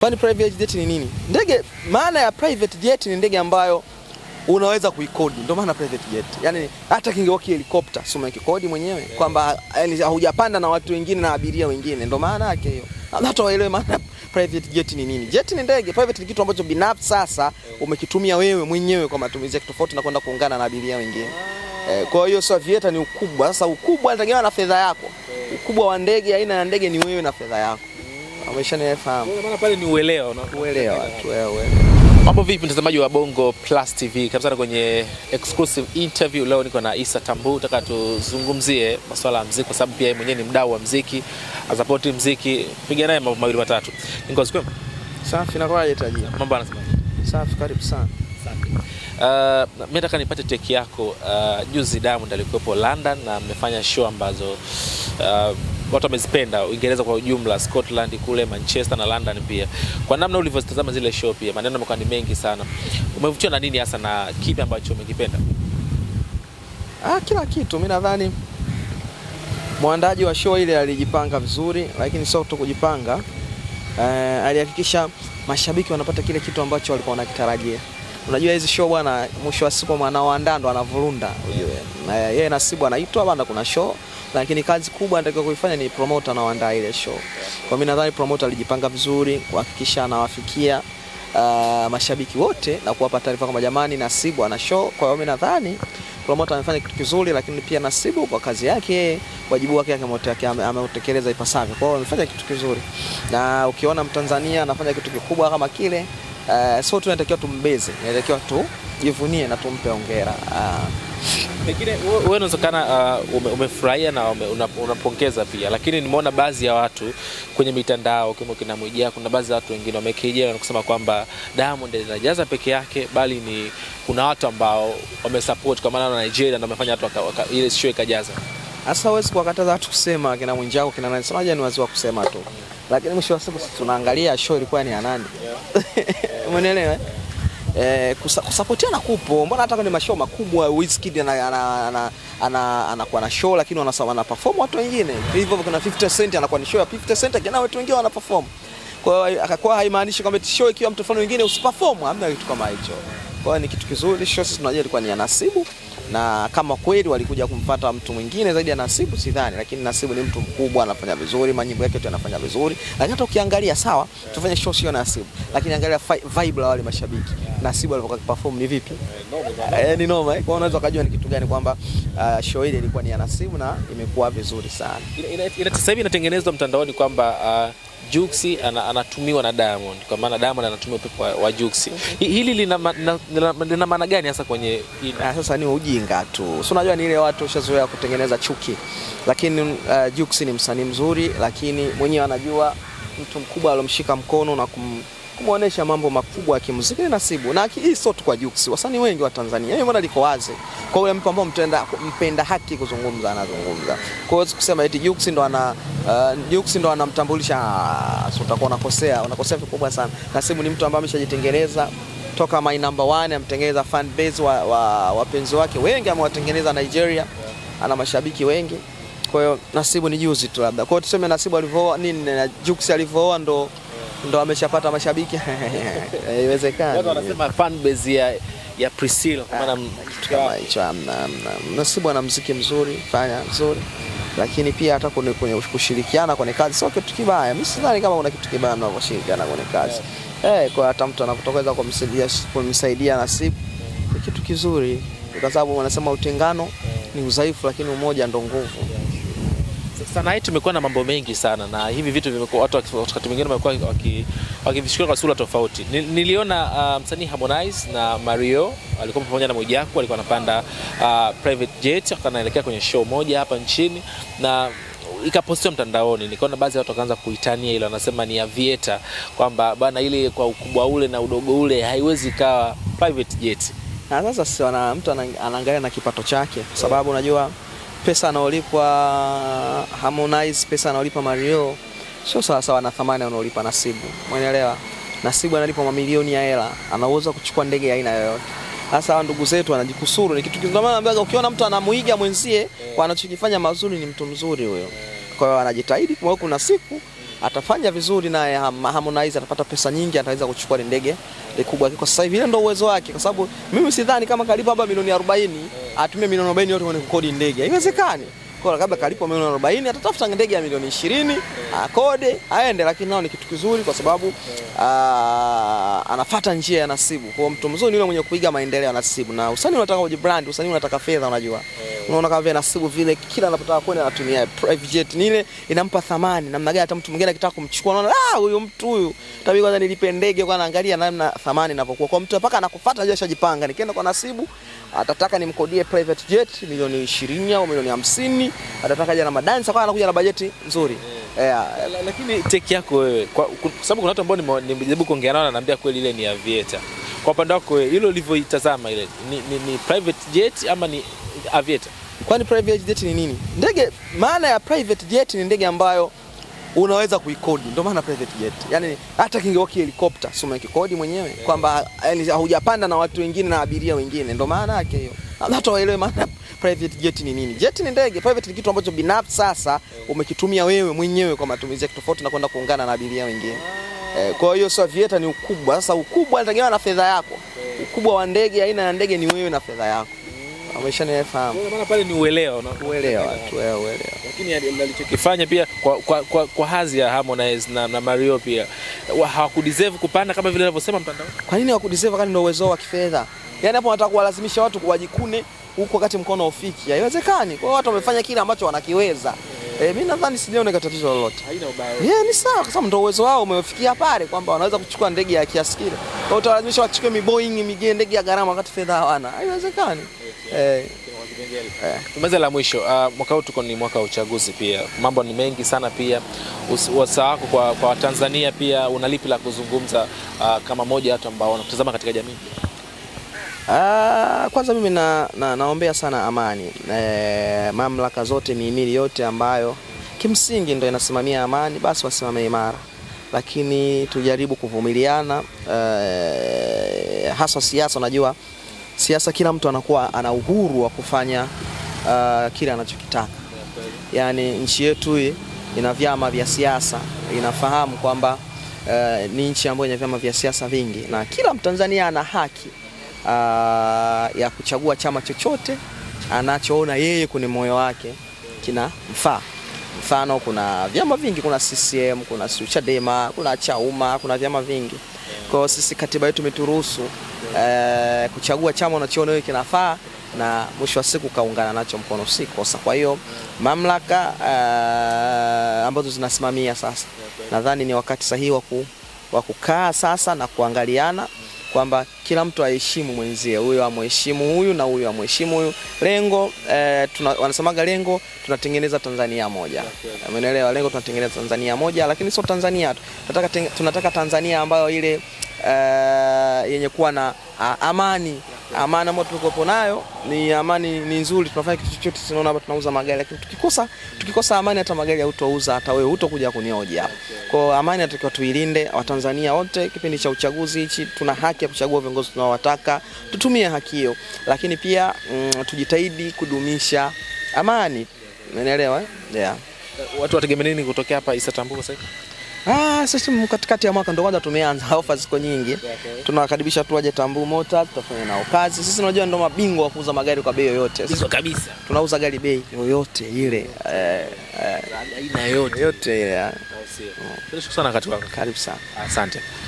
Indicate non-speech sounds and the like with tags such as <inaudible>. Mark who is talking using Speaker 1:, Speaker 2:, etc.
Speaker 1: Kwani private jet ni nini? Ndege, maana ya private jet ni ndege ambayo unaweza kuikodi, ndio maana private jet. Yaani hata kingewaki helicopter sio mwenye kodi mwenyewe yeah. kwamba yani hujapanda na watu wengine na abiria wengine, ndio maana yake hiyo. Hata waelewe maana private jet ni nini. Jet ni ndege, private ni kitu ambacho binafsi sasa umekitumia wewe mwenyewe kwa matumizi yako tofauti na kwenda kuungana na abiria wengine. Eh, Kwa hiyo sio aviator ni ukubwa. Sasa ukubwa unategemea na fedha yako. Ukubwa wa ndege, aina ya ndege ni wewe na fedha yako. Umeshanifahamu.
Speaker 2: Maana pale ni uelewa na
Speaker 3: uelewa tu wewe.
Speaker 2: Mambo vipi mtazamaji wa Bongo Plus TV? Kabisa sana kwenye exclusive interview leo niko na Isa Tambuu, nataka tuzungumzie masuala ya muziki kwa sababu pia yeye mwenyewe ni mdau wa muziki, azapoti muziki, piga naye mambo mawili matatu. Ngozi kwema?
Speaker 1: Safi na kwaje tajia? Mambo anasema. Safi karibu sana. Safi.
Speaker 2: Uh, mimi nataka nipate take yako. Uh, juzi Diamond alikuwepo London na mmefanya show ambazo uh, watu wamezipenda Uingereza kwa ujumla, Scotland kule Manchester na London pia. Kwa namna ulivyotazama zile show pia, maneno yamekuwa ni mengi sana, umevutiwa na nini hasa na kipi ambacho umekipenda?
Speaker 1: Ah, kila kitu. Mimi nadhani mwandaji wa show ile alijipanga vizuri, lakini sio tu kujipanga Uh, alihakikisha mashabiki wanapata kile kitu ambacho walikuwa wanakitarajia. Unajua hizi show bwana, mwisho wa siku mwanaoandaa ndo anavurunda, unajua yeye nasibu anaitwa bwana, kuna show lakini kazi kubwa anatakiwa kuifanya ni promoter na waandaa ile show. Kwa mimi nadhani promoter alijipanga vizuri kuhakikisha anawafikia uh, mashabiki wote na kuwapa taarifa kwamba jamani, Nasibu ana show. Kwa hiyo mimi nadhani promoter amefanya kitu kizuri, lakini pia Nasibu kwa kazi yake, wajibu wake yake yake ameutekeleza ipasavyo. Kwa hiyo amefanya kitu kizuri, na ukiona Mtanzania anafanya kitu kikubwa kama kile uh, sio tu natakiwa tumbeze, natakiwa tujivunie na tumpe hongera uh,
Speaker 2: Pengine wewe unaonekana uh, ume, umefurahia na ume, unapongeza pia, lakini nimeona baadhi ya watu kwenye mitandao kama kina Mwijaku, kuna baadhi ya watu wengine wamekejea na kusema kwamba Diamond anajaza peke yake, bali ni kuna watu ambao wamesupport kwa maana na Nigeria ndio wamefanya watu ile show ikajaza.
Speaker 1: Sasa huwezi kuwakataza watu kusema, kina mwinjako kina nani semaje, ni wazi wa kusema tu, lakini mwisho wa siku tunaangalia show ilikuwa ni ya nani, umeelewa? yeah. <laughs> eh, kusapotiana kupo. Mbona hata kwenye mashow makubwa Wizkid anakuwa ana, ana, ana, na show lakini wana perform watu wengine hivyo, kuna 50 Cent anakuwa ni show ya 50 Cent lakini watu wengine wana perform. Kwa hiyo akakuwa haimaanishi kwamba show ikiwa mtu fulani wengine usiperform, hamna kitu kama hicho. Kwa hiyo ni kitu kizuri, show sisi tunajua ilikuwa ni ya nasibu na kama kweli walikuja kumfata mtu mwingine zaidi ya Nasibu sidhani, lakini Nasibu ni mtu mkubwa, anafanya vizuri, manyimbo yake tu anafanya vizuri. Lakini hata ukiangalia sawa, tufanye show sio Nasibu, lakini angalia vibe la wale mashabiki, Nasibu alipokuwa perform ni vipi? Eh, ni noma eh, kwa unaweza ukajua ni kitu gani kwamba uh, show ile ilikuwa ni ya Nasibu na imekuwa vizuri sana.
Speaker 2: sasa hivi inatengenezwa mtandaoni kwamba uh, Juksi ana, anatumiwa na Diamond kwa maana Diamond anatumia upepo wa, wa Juksi. Hili lina maana gani hasa kwenye
Speaker 1: ah, sasa ni ujinga tu, si unajua ni ile watu washazoea kutengeneza chuki, lakini uh, eh, Juksi ni msanii mzuri, lakini mwenyewe anajua mtu mkubwa alomshika mkono na kum kumuonesha mambo makubwa ya kimuziki Nasibu. Na hii sio tu kwa Jux, wasanii wengi wa Tanzania. Hiyo yaani mbona liko wazi. Kwa yule mtu ambaye mtenda mpenda haki kuzungumza anazungumza. Kwa hiyo kusema eti Jux ndo ana uh, Jux ndo anamtambulisha ah, sio, utakuwa unakosea, unakosea vikubwa sana. Nasibu ni mtu ambaye ameshajitengeneza toka my number one, amtengeneza fan base wa, wa wapenzi wake wengi, amewatengeneza Nigeria, ana mashabiki wengi. Kwa hiyo Nasibu ni juzi tu labda. Kwa hiyo tuseme Nasibu alivyooa nini na Jux alivyooa ndo ndo ameshapata mashabiki <laughs> haiwezekani. Watu
Speaker 2: wanasema fan base ya ya Priscilla kwa maana
Speaker 1: kama ah, hicho amna amna. Mm, Nasibu mm, mm, ana muziki mzuri, fanya mzuri. Lakini pia hata kwenye kushirikiana kwenye kazi sio kitu kibaya. Mimi sidhani kama kuna kitu kibaya kushirikiana kwenye kazi. Eh. eh, kwa hata mtu anapotokeza kumsaidia kumsaidia Nasibu ni kitu kizuri. Kwa sababu wanasema utengano ni udhaifu, lakini umoja ndo nguvu.
Speaker 2: Sanaa hii tumekuwa na mambo mengi sana, na hivi vitu vimekuwa watu wakati mwingine wamekuwa wakivishikilia kwa sura tofauti. Niliona uh, msanii Harmonize na Mario alikuwa pamoja na Mwijaku, walikuwa wanapanda uh, private jet wanaelekea kwenye show moja hapa nchini na ikapostiwa mtandaoni, nikaona baadhi ya watu wakaanza kuitania ile, wanasema ni avieta, kwamba bwana, ile kwa ukubwa ule na udogo ule haiwezi kawa private jet.
Speaker 1: Na sasa mtu anaangalia na kipato chake, sababu unajua pesa anaolipwa Harmonize, pesa anaolipa Mario sio sawasawa na thamani anaolipa Nasibu, umeelewa? Nasibu analipwa mamilioni ya hela, ana uwezo kuchukua ndege ya aina yoyote. Sasa ndugu zetu wanajikusuru, ni kitu kizuri. Naambia ukiona mtu anamuiga mwenzie kwa anachokifanya mazuri, ni mtu mzuri huyo. Kwa hiyo anajitahidi, kwa kuna siku atafanya vizuri naye Harmonize atapata pesa nyingi, ataweza kuchukua ndege kubwa. Kwa sasa hivi ndio uwezo wake, kwa sababu mimi sidhani kama kalipa hapa milioni 40 atumie milioni 40 yote kwenye kukodi ndege, haiwezekani. Kwa labda kalipo milioni 40 atatafuta ndege ya milioni 20 akode aende, lakini nao ni kitu kizuri kwa sababu aa, ah, anafata njia ya nasibu. Kwa mtu mzuri yule mwenye kuiga maendeleo ya nasibu, na usanii unataka ujibrand, usanii unataka fedha, unajua unaona kama vile nasibu vile kila anapotaka kwenda anatumia private jet, nile inampa thamani namna gani. Hata mtu mwingine akitaka kumchukua, unaona ah, huyu mtu huyu tabii, kwanza nilipe ndege kwa, naangalia namna thamani inapokuwa kwa mtu, mpaka anakufuata njia, ashajipanga, Nikienda kwa nasibu atataka nimkodie private jet milioni 20 au milioni 50 atataka aje na madansa kwa anakuja na bajeti nzuri.
Speaker 2: Eh. Yeah. Yeah. Lakini take yako wewe kwa sababu kuna watu ambao nimejaribu kuongea nao naambia kweli ile ni aviator. Kwa upande wako wewe hilo ulivyoitazama ile ni, ni, ni private jet ama ni aviator?
Speaker 1: Kwani private jet ni nini? Ndege maana ya private jet ni ndege ambayo unaweza kuikodi, ndio maana private jet. Yani hata kingewaki helicopter, sio kikodi mwenyewe kwamba yani hujapanda na watu wengine na abiria wengine, ndio maana yake hiyo. Hata waelewe maana private jet ni nini. Jet ni ndege, private ni kitu ambacho binafsi sasa umekitumia wewe mwenyewe kwa matumizi yako tofauti na kwenda kuungana na abiria wengine. Eh, kwa hiyo sio vieta ni ukubwa. Sasa ukubwa unategemea na fedha yako. Ukubwa wa ndege, aina ya ndege ni wewe na fedha yako. Wameshanifahamu.
Speaker 2: Kwa maana pale ni uelewa
Speaker 3: uelewa tu, uelewa. Lakini
Speaker 2: alichokifanya pia kwa, kwa, kwa, kwa hazi ya Harmonize na, na Mario pia hawakudeserve kupanda kama vile anavyosema mtandao.
Speaker 1: Kwa nini hawakudeserve Kani ndio uwezo wa kifedha? Yaani hapo wanataka kuwalazimisha watu wajikune huku wakati mkono ufiki. Haiwezekani. Kwa watu wamefanya kile ambacho wanakiweza. Eh, mimi nadhani sijaona tatizo lolote.
Speaker 2: Haina ubaya. Yeah,
Speaker 1: ni sawa kwa sababu ndio uwezo wao umefikia pale kwamba wanaweza kuchukua ndege ya kiasi kile. Kwa utalazimisha wachukue mi Boeing migeni ndege ya gharama wakati fedha hawana. Haiwezekani.
Speaker 2: Eh. eh. Tumaliza la mwisho, uh, mwaka huu tuko ni mwaka wa uchaguzi pia, mambo ni mengi sana pia. Wasaa wako kwa Tanzania pia, unalipi la kuzungumza uh, kama moja watu ambao wanakutazama katika jamii?
Speaker 1: Ah, kwanza mimi na, na, naombea sana amani e, mamlaka zote, mihimili yote ambayo kimsingi ndio inasimamia amani, basi wasimame imara, lakini tujaribu kuvumiliana e, hasa siasa. Unajua siasa, kila mtu anakuwa ana uhuru wa kufanya e, kile anachokitaka. Yaani nchi yetu ina vyama vya siasa, inafahamu kwamba e, ni nchi ambayo ina vyama vya siasa vingi na kila Mtanzania ana haki aa, uh, ya kuchagua chama chochote anachoona yeye kwenye moyo wake kina mfaa. Mfano, kuna vyama vingi, kuna CCM, kuna Chadema, kuna Chauma, kuna vyama vingi. Kwa hiyo sisi katiba yetu imeturuhusu e, kuchagua chama unachoona wewe kinafaa na mwisho wa siku kaungana nacho mkono usikosa. Kwa hiyo mamlaka e, ambazo zinasimamia sasa, nadhani ni wakati sahihi wa kukaa sasa na kuangaliana kwamba kila mtu aheshimu mwenzie, huyu amheshimu huyu na huyu amheshimu huyu. Lengo eh, tuna, wanasemaga lengo tunatengeneza Tanzania moja, umeelewa? Lengo tunatengeneza Tanzania moja, lakini sio Tanzania tu, tunataka tunataka Tanzania ambayo ile eh, yenye kuwa na ah, amani amani ambayo tulikopo nayo ni amani, ni nzuri, tunafanya kitu chochote, tunaona hapa tunauza magari, lakini tukikosa tukikosa amani, hata magari hautouza, hata wewe hutokuja kunihoji hapa. Kwa hiyo amani natakiwa tuilinde, Watanzania wote. Kipindi cha uchaguzi hichi, tuna haki ya kuchagua viongozi tunaowataka, tutumie haki hiyo, lakini pia mm, tujitahidi kudumisha amani, umeelewa eh? Yeah.
Speaker 2: Watu wategemea nini kutokea hapa Istatambul sasa
Speaker 1: Ah, sisi katikati ya mwaka ndio kwanza tumeanza, <laughs> ofa ziko nyingi. Tunawakaribisha tu waje Tambuu Motors, tutafanya nao kazi. Sisi unajua ndio mabingwa wa kuuza magari kwa bei yoyote.
Speaker 2: Sisi kabisa.
Speaker 1: Tunauza gari bei yoyote ile.
Speaker 2: Eh, eh aina yoyote.
Speaker 1: Yote ile. Tunashukuru sana Karibu sana.
Speaker 2: Asante.